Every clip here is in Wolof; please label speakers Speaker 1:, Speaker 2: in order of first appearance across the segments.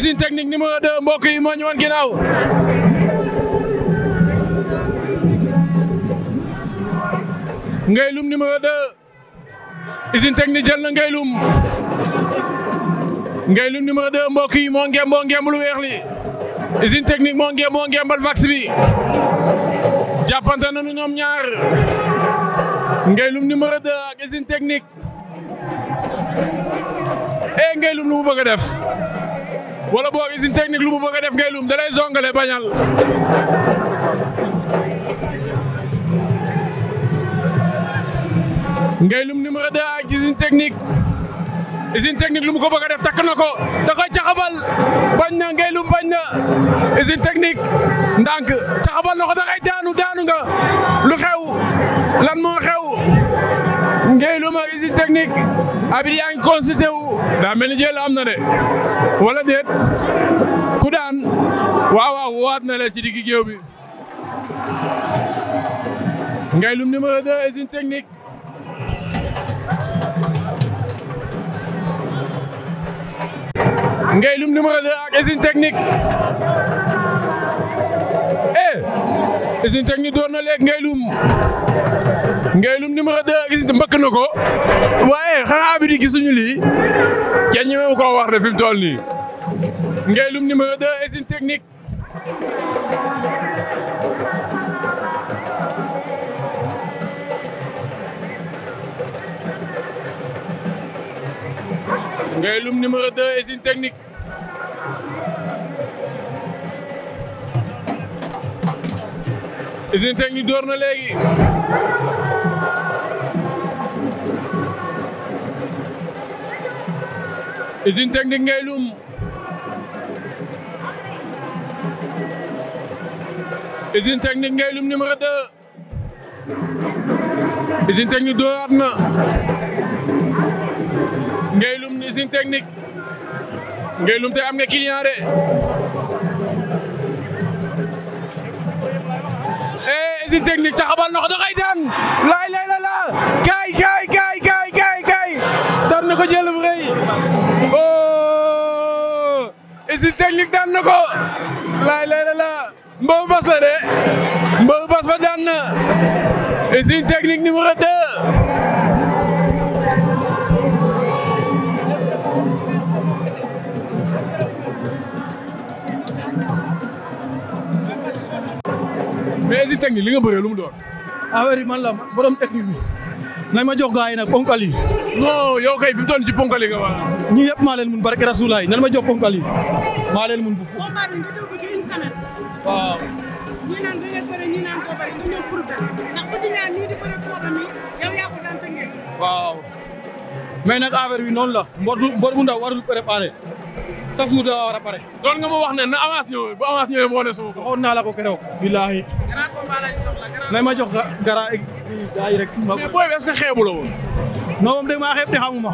Speaker 1: usine technique numéro 2 mbokk yi moo ñu woon ginnaaw. Ngaylum numéro 2 usine technique jël na Ngaylum Ngaylum numéro 2 mbokk yi moo ngem moo ngem lu weex li usine technique moo ngem moo ngembal vax bi jàppante nañu ñoom ñaar Ngaylum numéro 2 ak usine technique e eh, Ngaylum lu mu bëgg a def. wala boog usine technique lu mu bëgg a def ngay lum da lay zongale bañal. ngay lum numéro 2 ak usine technique usine technique lu mu ko bëgg a def takk na ko da koy caxabal bañ na ngay lum bañ na usine technique ndànk caxabal na ko da ngay daanu daanu nga lu xew. technique abit ni jël am na ku daan waaw waat na la ci diggi géew bi ngay lum numéro 2 usine technique usine technique door na léegi Ngaylum Ngaylum numéro 2 usine mbëkk na ko waaye xanaa bi di gisuñu lii kenn ñemewu koo wax de fi mu toll nii Ngaylum numéro 2 usine technique. usine technique door na léegi. usine technique ngay lum. usine technique ngay lum numéro 2. usine technique dooraat na. ngay lum usine technique. ngay lum te am nga client de. usine technique taxabal na ko da koy daan lay la laa kaay kaay kaay kaay kaay kaay daan na ko jël bu rëy oh usine technique na ko laay lay la laa mbawu bas la de mbawu bas fa daan na usine technique numéro 2.
Speaker 2: mais si technique li nga bëree lu mu doon. affaire yi man la borom technique bi. nañ ma jox gars yi nag ponkal yi. non yow kay fi mu toll ci ponkal yi nga wax. ñi yëpp mun barke rasulaay nan ma jox ponkal yi maa waaw. ñu naan da nga bëri ñu naan kooba ñu ñëw pour ndax bu ñu naan nii di bëri kooba mi yow yaa ko daan tënkee. waaw. mais nag affaire bi noonu la mbor bu mbor bu ndaw chaque jour daa war a pare. doon nga ma wax ne na avance ñëwee bu avance ñëwee moo ne sama bopp. waxoon naa la ko keroog. nañ ma jox ga gara ak gars rek. mais booy bi est ce que xeebu la woon. non moom damaa xeeb te xamuma.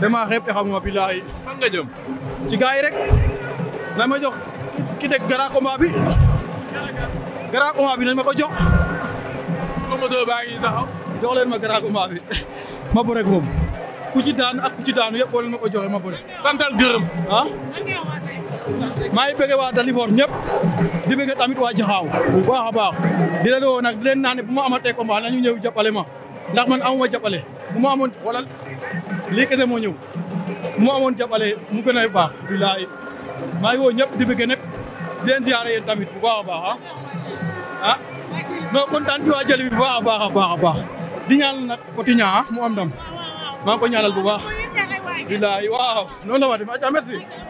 Speaker 2: damaa xeeb te xamuma billaahi. ci gars yi rek. nañ ma jox ki teg grand combat bi. grand combat bi nañ ma ko jox. promoteur baa ma grand combat bi. ma bu rek ku ci daanu ak ku ci daanu yëpp boo ma ko joxe ma bëri. santal gërëm. Ah? maa ngi bëgg waa Dalifort ñëpp di tamit waa Jaxaaw bu baax a baax di woo nag di leen naan bu ma amatee combat nañu ñëw jàppale ma ndax man amuma jàppale bu ma amoon xoolal lii kese moo ñëw bu ma amoon jàppale mu gën a baax. bilaay maa ngi woo ñëpp di bëgg ñëpp di leen tamit bu baax a baax ah ah a baax a baax a baax di ñaan nag Potignan ah, mu am ndam. maa ngi ko ñaanal bu baax. bilaay waaw noonu la waa tamit merci.